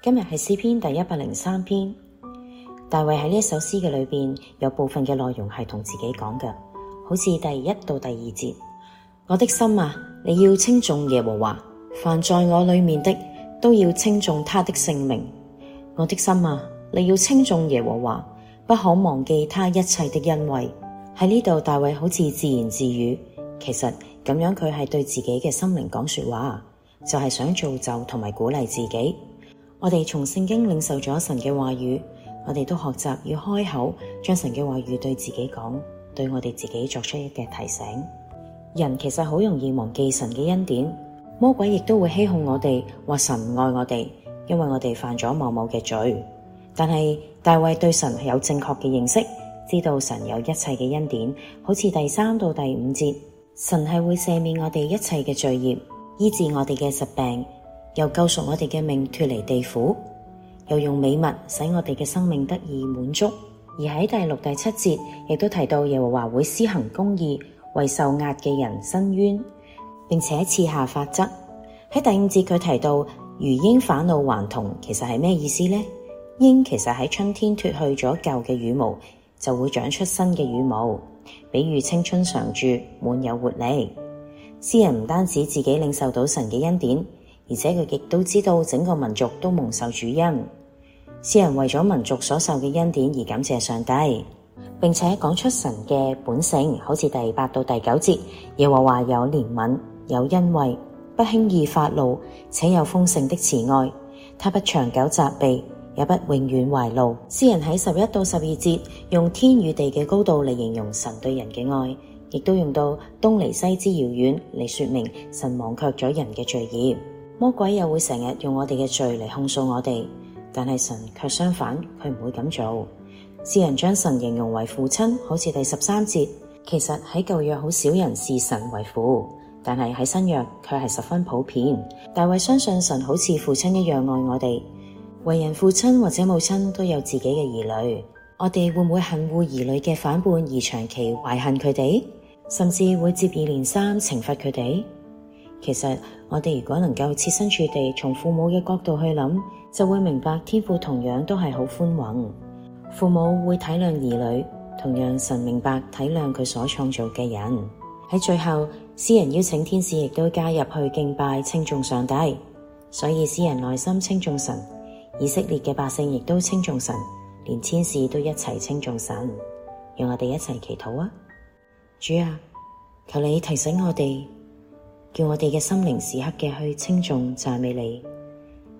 今日係詩篇第一百零三篇。大衛喺呢首詩嘅裏面，有部分嘅內容係同自己講嘅，好似第一到第二節。我的心啊，你要稱頌耶和華，凡在我裏面的都要稱頌他的聖名。我的心啊，你要稱頌耶和華，不可忘記他一切的恩惠。喺呢度，大衛好似自言自語，其實咁樣佢係對自己嘅心靈講說話，就係想造就同埋鼓勵自己。我哋從聖經領受咗神嘅話語，我哋都學習要開口將神嘅話語對自己講，對我哋自己作出一個提醒。人其實好容易忘記神嘅恩典，魔鬼亦都會欺哄我哋話神唔愛我哋，因為我哋犯咗某某嘅罪。但係大衛對神係有正確嘅認識，知道神有一切嘅恩典。好似第三到第五節，神係會赦免我哋一切嘅罪孽，醫治我哋嘅疾病。又救贖我哋嘅命，脫離地府，又用美物使我哋嘅生命得以滿足。而喺第六、第七節，亦都提到耶和華會施行公義，為受壓嘅人伸冤，並且賜下法則。喺第五節，佢提到如鷹返老還童，其實係咩意思呢？鷹其實喺春天脫去咗舊嘅羽毛，就會長出新嘅羽毛，比喻青春常駐，滿有活力。詩人唔單止自己領受到神嘅恩典。而且佢亦都知道整個民族都蒙受主恩，詩人為咗民族所受嘅恩典而感謝上帝，並且講出神嘅本性，好似第八到第九節，耶和華有憐憫，有恩惠，不輕易發怒，且有豐盛的慈愛。他不長久責備，也不永遠懷怒。詩人喺十一到十二節用天與地嘅高度嚟形容神對人嘅愛，亦都用到東離西之遙遠嚟說明神忘卻咗人嘅罪孽。魔鬼又會成日用我哋嘅罪嚟控訴我哋，但係神卻相反，佢唔會咁做。世人將神形容為父親，好似第十三節，其實喺舊約好少人視神為父，但係喺新約佢係十分普遍。大衛相信神好似父親一樣愛我哋，為人父親或者母親都有自己嘅兒女，我哋會唔會恨惡兒女嘅反叛而長期懷恨佢哋，甚至會接二連三懲罰佢哋？其實我哋如果能夠設身處地從父母嘅角度去諗，就會明白天父同樣都係好寬宏。父母會體諒兒女，同樣神明白體諒佢所創造嘅人。喺最後，詩人邀請天使亦都加入去敬拜、稱頌上帝。所以詩人內心稱頌神，以色列嘅百姓亦都稱頌神，連天使都一齊稱頌神。讓我哋一齊祈禱啊！主啊，求你提醒我哋。叫我哋嘅心靈時刻嘅去稱頌讚美你，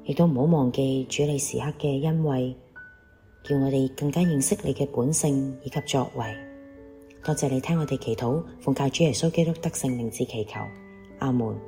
亦都唔好忘記主你時刻嘅恩惠，叫我哋更加認識你嘅本性以及作為。多謝你聽我哋祈禱，奉靠主耶穌基督得勝名字祈求，阿門。